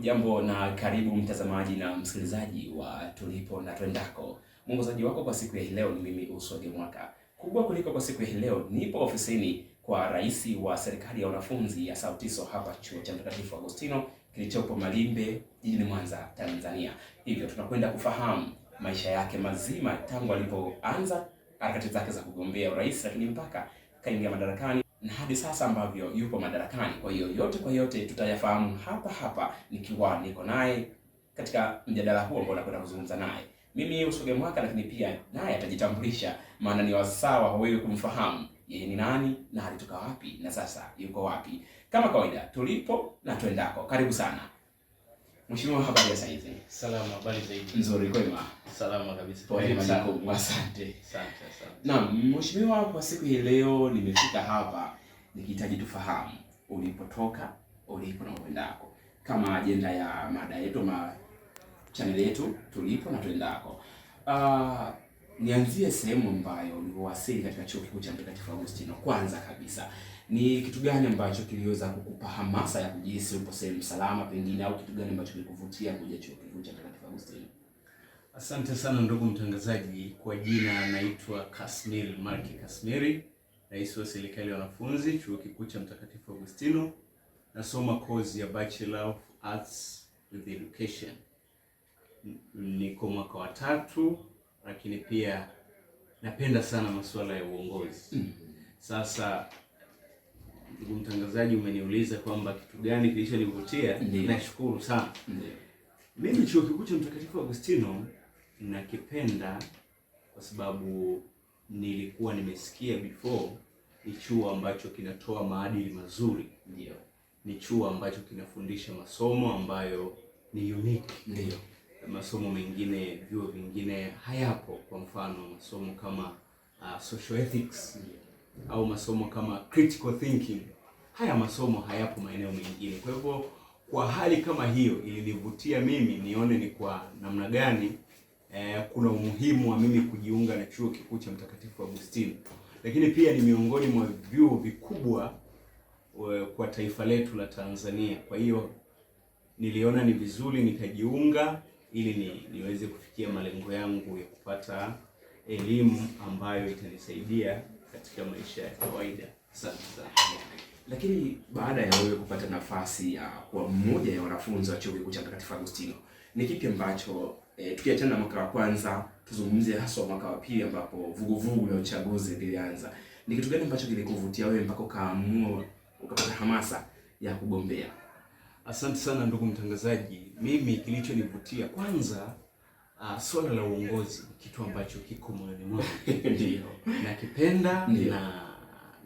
jambo na karibu mtazamaji na msikilizaji wa tulipo na twendako. Mwongozaji wako kwa siku ya leo ni mimi Uswege Mwaka. Kubwa kuliko kwa siku ya leo, nipo ofisini kwa rais wa serikali ya wanafunzi ya SAUTISO hapa chuo cha Mtakatifu Agostino kilichopo Malimbe jijini Mwanza, Tanzania. Hivyo tunakwenda kufahamu maisha yake mazima tangu alipoanza harakati zake za kugombea urais, lakini mpaka kaingia madarakani na hadi sasa ambavyo yupo madarakani. Kwa hiyo yote kwa yote tutayafahamu hapa hapa nikiwa niko naye katika mjadala huo ambao nakwenda kuzungumza naye. Mimi Usoge Mwaka, lakini pia naye atajitambulisha, maana ni wasawa wewe kumfahamu yeye ni nani na alitoka wapi na sasa yuko wapi, kama kawaida tulipo na tuendako Karibu sana. Mheshimiwa, habari ya saizi? Salama, habari zaidi. Nzuri kwema? Salama kabisa. Poa, majukumu. Asante. Asante sana. Naam, Mheshimiwa, kwa siku hii leo nimefika hapa nikihitaji tufahamu ulipotoka, ulipo na uendako, kama ajenda ya mada yetu ma chaneli yetu tulipo na tuendako. Uh, ah, nianzie sehemu ambayo niliwasili katika chuo kikuu cha Mtakatifu Augustino. Kwanza kabisa ni kitu gani ambacho kiliweza kukupa hamasa ya kujihisi upo sehemu salama pengine, au kitu gani ambacho kilikuvutia kuja chuo kikuu cha Mtakatifu Augustino? Asante sana ndugu mtangazaji. Kwa jina anaitwa Kasmiri Marki Kasmiri, rais wa serikali ya wanafunzi chuo kikuu cha Mtakatifu Augustino. Nasoma kozi ya Bachelor of Arts with Education, niko mwaka wa tatu lakini pia napenda sana masuala ya uongozi. Mm. Sasa ndugu mtangazaji, umeniuliza kwamba kitu gani kilichonivutia. Nashukuru sana. Mimi chuo kikuu cha Mtakatifu Agustino nakipenda kwa sababu nilikuwa nimesikia before, ni chuo ambacho kinatoa maadili mazuri. ndio Ni chuo ambacho kinafundisha masomo ambayo ni unique. ndio masomo mengine, vyuo vingine hayapo. Kwa mfano masomo kama uh, social ethics au masomo kama critical thinking, haya masomo hayapo maeneo mengine. Kwa hivyo kwa hali kama hiyo ilinivutia mimi nione ni kwa namna gani eh, kuna umuhimu wa mimi kujiunga na chuo kikuu cha Mtakatifu Agustino, lakini pia ni miongoni mwa vyuo vikubwa eh, kwa taifa letu la Tanzania. Kwa hiyo niliona ni vizuri nikajiunga ili ni, niweze kufikia malengo yangu ya kupata elimu ambayo itanisaidia katika maisha ya kawaida. Asante sana. Lakini baada ya wewe kupata nafasi ya kuwa mmoja ya wanafunzi wa Chuo Kikuu cha Mtakatifu Agustino, ni kipi ambacho e, tukiachana mwaka wa kwanza tuzungumzie haswa mwaka wa pili ambapo vuguvugu la uchaguzi lilianza, ni kitu gani ambacho kilikuvutia wewe mpaka ukaamua ukapata hamasa ya kugombea? Asante sana ndugu mtangazaji mimi kilichonivutia kwanza, uh, swala la uongozi kitu ambacho kiko moyoni mwangu ndio nakipenda na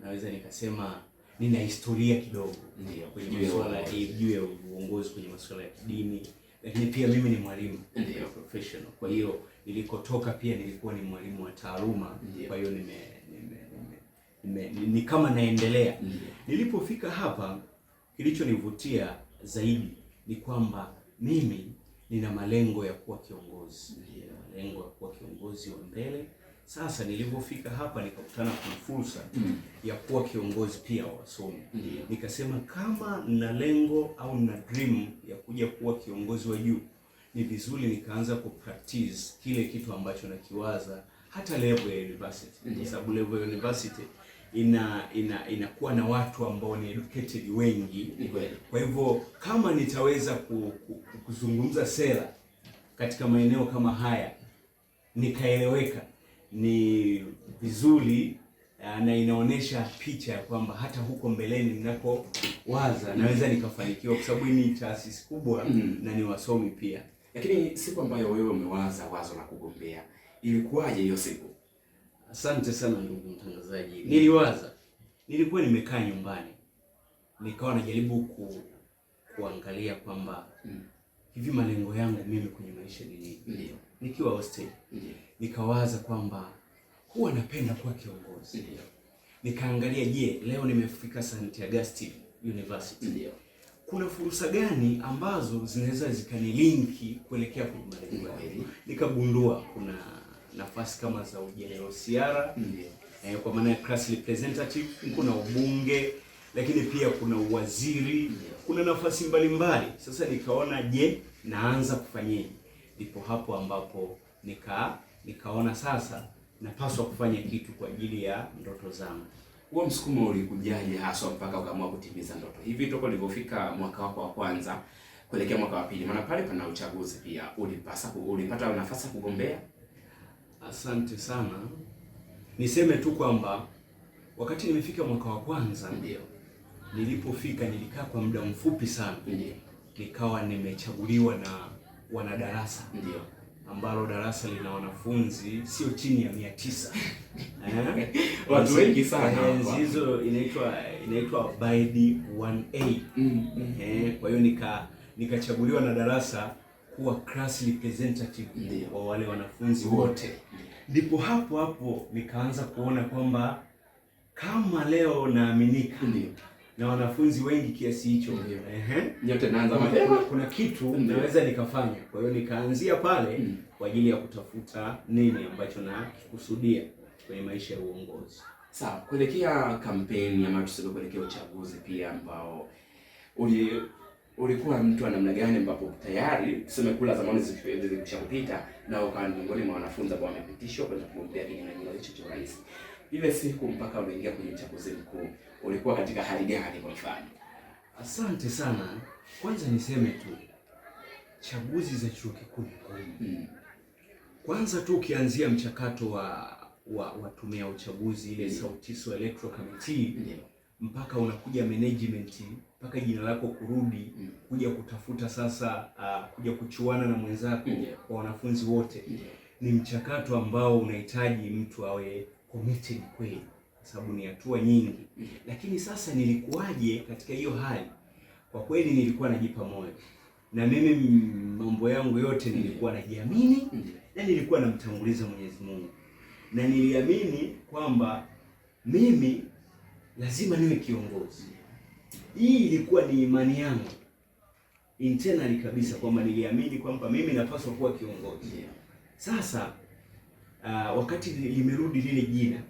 naweza nikasema nina historia kidogo ndio kwenye masuala juu ya uongozi kwenye masuala ya kidini, lakini pia mimi ni mwalimu ndio professional. Kwa hiyo nilikotoka pia nilikuwa ni mwalimu wa taaluma, kwa hiyo nime, nime, nime, nime ni kama naendelea. Nilipofika hapa, kilichonivutia zaidi ni kwamba mimi nina malengo ya kuwa kiongozi, nina malengo ya kuwa kiongozi wa mbele. Sasa nilivyofika hapa nikakutana na fursa mm. ya kuwa kiongozi pia wa wasomi nikasema kama nina lengo au nina dream ya kuja kuwa kiongozi wa juu, ni vizuri nikaanza ku practice kile kitu ambacho nakiwaza hata level ya university, kwa sababu level ya university ina ina inakuwa na watu ambao ni educated wengi. Kwa hivyo kama nitaweza ku, ku, kuzungumza sera katika maeneo kama haya nikaeleweka, ni vizuri eh, na inaonyesha picha ya kwamba hata huko mbeleni waza naweza nikafanikiwa, kwa sababu ni taasisi kubwa mm na ni wasomi pia. Lakini siku ambayo wewe umewaza wazo la kugombea ilikuwaje hiyo siku? Asante sana ndugu mtangazaji. Mm. Niliwaza, nilikuwa nimekaa nyumbani nikawa najaribu ku, kuangalia kwamba mm. hivi malengo yangu mimi kwenye maisha ni nini? Ndio. Nikiwa hostel mm. nikawaza kwamba huwa napenda kuwa kiongozi. Ndio. Nikaangalia, je, leo nimefika St. Augustine University. Ndio. Kuna fursa gani ambazo zinaweza zikanilinki kuelekea kwenye malengo yangu? Nikagundua kuna nafasi kama za siara mm eh, kwa maana ya class representative mm kuna ubunge lakini pia kuna uwaziri mm kuna nafasi mbalimbali mbali. Sasa nikaona je, naanza kufanyeje? Ndipo hapo ambapo nika nikaona sasa napaswa kufanya kitu kwa ajili ya ndoto zangu. Huo msukumo ulikujaje haswa mpaka ukaamua kutimiza ndoto hivi? Toka ulipofika mwaka wako wa kwanza kuelekea mwaka wa pili, maana pale pana uchaguzi pia, ulipasa ulipata nafasi ya kugombea Asante sana. Niseme tu kwamba wakati nimefika mwaka wa kwanza, ndio nilipofika nilikaa kwa muda mfupi sana, ndio nikawa nimechaguliwa na wanadarasa, ndio ambalo darasa lina wanafunzi sio chini ya mia tisa eh? watu wengi sana. Eh, hizo inaitwa inaitwa Baidi 1A. Mm, mm. Eh, kwa hiyo nika nikachaguliwa na darasa kuwa class representative Ndiyo. wa wale wanafunzi wote. Ndipo hapo hapo nikaanza kuona kwamba kama leo naaminika na wanafunzi wengi kiasi hicho, nyote naanza mapema, kuna kitu naweza nikafanya. Kwa hiyo nikaanzia pale mm. kwa ajili ya kutafuta nini ambacho nakikusudia kwenye maisha ya uongozi. Sawa, kuelekea kampeni ama tuseme kuelekea uchaguzi pia ambao uli ulikuwa mtu wa namna gani, ambapo tayari tuseme kula zamani kupita na ukawa miongoni mwa wanafunzi ambao wamepitishwa kwenda kugombea kinyang'anyiro hicho cha urais, ile siku mpaka unaingia kwenye uchaguzi mkuu ulikuwa katika hali gani? Kwa mfano. Asante sana. Kwanza niseme tu chaguzi za chuo kikuu Hmm. Kwanza tu ukianzia mchakato wa wa, wa tume ya uchaguzi ile Sauti hmm. Sautiso Electoral Committee mm mpaka unakuja management mpaka jina lako kurudi mm. kuja kutafuta sasa uh, kuja kuchuana na mwenzako mm. kwa wanafunzi wote mm. ni mchakato ambao unahitaji mtu awe committed kweli, kwa sababu ni hatua nyingi mm. Lakini sasa nilikuwaje katika hiyo hali? Kwa kweli nilikuwa najipa moyo na mimi mm, mambo yangu yote mm. nilikuwa najiamini mm. na nilikuwa namtanguliza Mwenyezi Mungu na niliamini kwamba mimi lazima niwe kiongozi. Hii ilikuwa ni imani yangu internally kabisa kwamba niliamini kwamba mimi napaswa kuwa kiongozi. Sasa uh, wakati limerudi lile jina,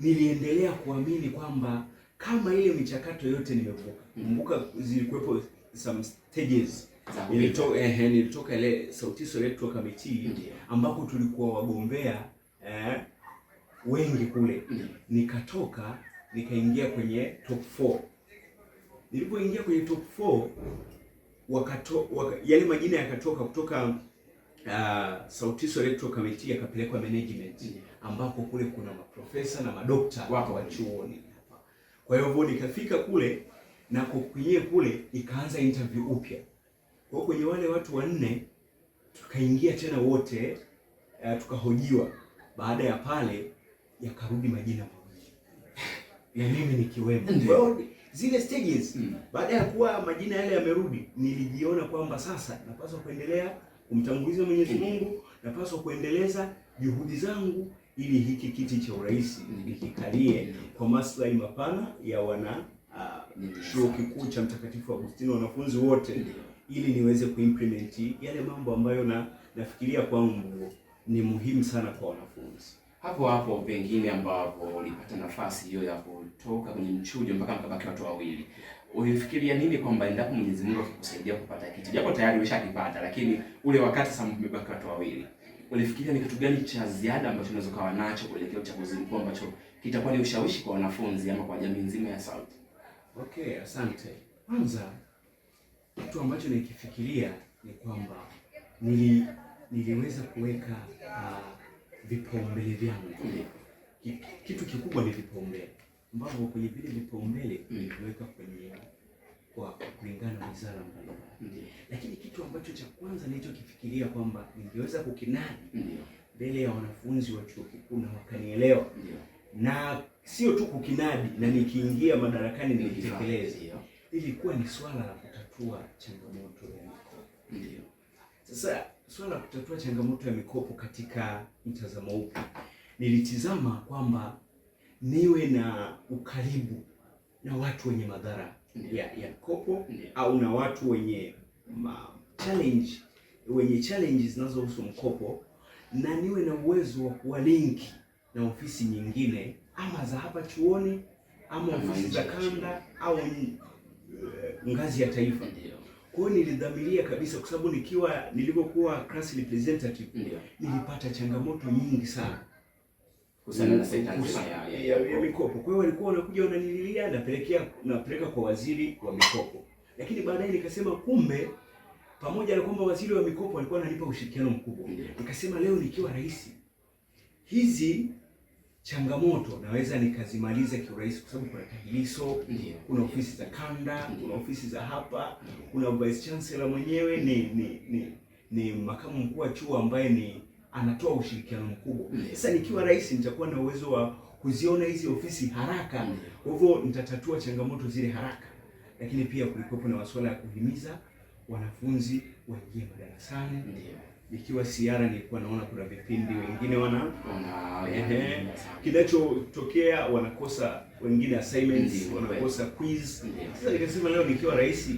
niliendelea kuamini kwamba kama ile michakato yote nimevuka, kumbuka zilikuwepo some stages Nilitoka, eh, nilitoka ile Sauti Sol Electoral Committee ambapo tulikuwa wagombea eh, wengi kule, nikatoka nikaingia kwenye top 4. Nilipoingia kwenye top 4 wakato, waka, yale majina yakatoka kutoka uh, Sauti Sol Electoral Committee yakapelekwa management ambapo kule kuna maprofesa na madokta wako wa chuoni. Kwa hivyo nikafika kule na kwenye kule ikaanza interview upya. Kwa kwenye wale watu wanne tukaingia tena wote uh, tukahojiwa. Baada ya pale yakarudi majina na mimi nikiwemo. Zile stages mm. Baada ya kuwa majina yale yamerudi, nilijiona kwamba sasa napaswa kuendelea kumtanguliza Mwenyezi mm. Mungu, napaswa kuendeleza juhudi zangu ili hiki kiti cha urais nikikalie mm. kwa maslahi mapana ya wana uh, chuo kikuu cha Mtakatifu Agustino, wanafunzi wote mm. ili niweze kuimplement yale mambo ambayo na nafikiria kwangu ni muhimu sana kwa wanafunzi hapo hapo pengine ambapo ulipata nafasi hiyo ya kutoka kwenye mchujo mpaka mkabaki watu wawili, ulifikiria nini kwamba endapo Mwenyezi Mungu akikusaidia kupata kitu, japo tayari umeshakipata, lakini ule wakati sasa mmebaki watu wawili, ulifikiria ni kitu gani cha ziada ambacho unaweza kuwa nacho kuelekea uchaguzi mkuu ambacho kitakuwa ni ushawishi kwa wanafunzi ama kwa jamii nzima ya SAUT? Okay, asante. Kwanza kitu ambacho nikifikiria ni kwamba nili, niliweza kuweka uh, vipaumbele vyangu. Kitu kikubwa ni vipaumbele, ambavyo kwenye vile vipaumbele mm. niliweka kwenye kwa kulingana na wizara mbalimbali, mm. lakini kitu ambacho cha kwanza nilichokifikiria kwamba ningeweza kukinadi mm. mbele ya wanafunzi wa chuo kikuu na wakanielewa, na sio tu kukinadi na nikiingia madarakani nilitekeleze, ilikuwa ni swala la kutatua changamoto ya ndio sasa Suala la kutatua changamoto ya mikopo katika mtazamo upi, nilitizama kwamba niwe na ukaribu na watu wenye madhara ya, ya mikopo au na watu wenye ma challenge, wenye challenges zinazohusu mkopo na niwe na uwezo wa kuwalinki na ofisi nyingine ama za hapa chuoni ama ofisi za kanda au eh, ngazi ya taifa kwa hiyo nilidhamiria kabisa kwa sababu nikiwa nilivyokuwa class representative mm. nilipata changamoto nyingi sana kusana na mm. sekta ya, ya, ya mikopo. Kwa hiyo walikuwa wanakuja wananililia, napelekea napeleka kwa waziri wa mikopo. Lakini baadaye nikasema kumbe pamoja na kwamba waziri wa mikopo alikuwa ananipa ushirikiano mkubwa. Mm. Nikasema leo nikiwa rais hizi changamoto naweza nikazimaliza kiurahisi kwa sababu kuna TAHLISO, kuna ofisi za kanda, kuna ofisi za hapa, kuna vice chancellor mwenyewe ni ni, ni ni makamu mkuu wa chuo ambaye ni anatoa ushirikiano mkubwa. Sasa nikiwa rais nitakuwa na uwezo wa kuziona hizi ofisi haraka, kwa hivyo nitatatua changamoto zile haraka. Lakini pia kulikuwepo na masuala ya kuhimiza wanafunzi waingie madarasani ikiwa siara nilikuwa naona kuna vipindi ah. wengine wana ah, ehe, kinachotokea wanakosa wengine assignments wanakosa quiz. Sasa nikasema leo nikiwa rais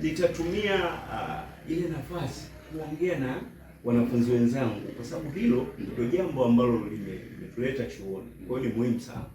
nitatumia uh, ile nafasi kuongea na wanafunzi wenzangu, kwa sababu hilo ndio jambo ambalo limetuleta chuoni, kwa hiyo ni muhimu sana.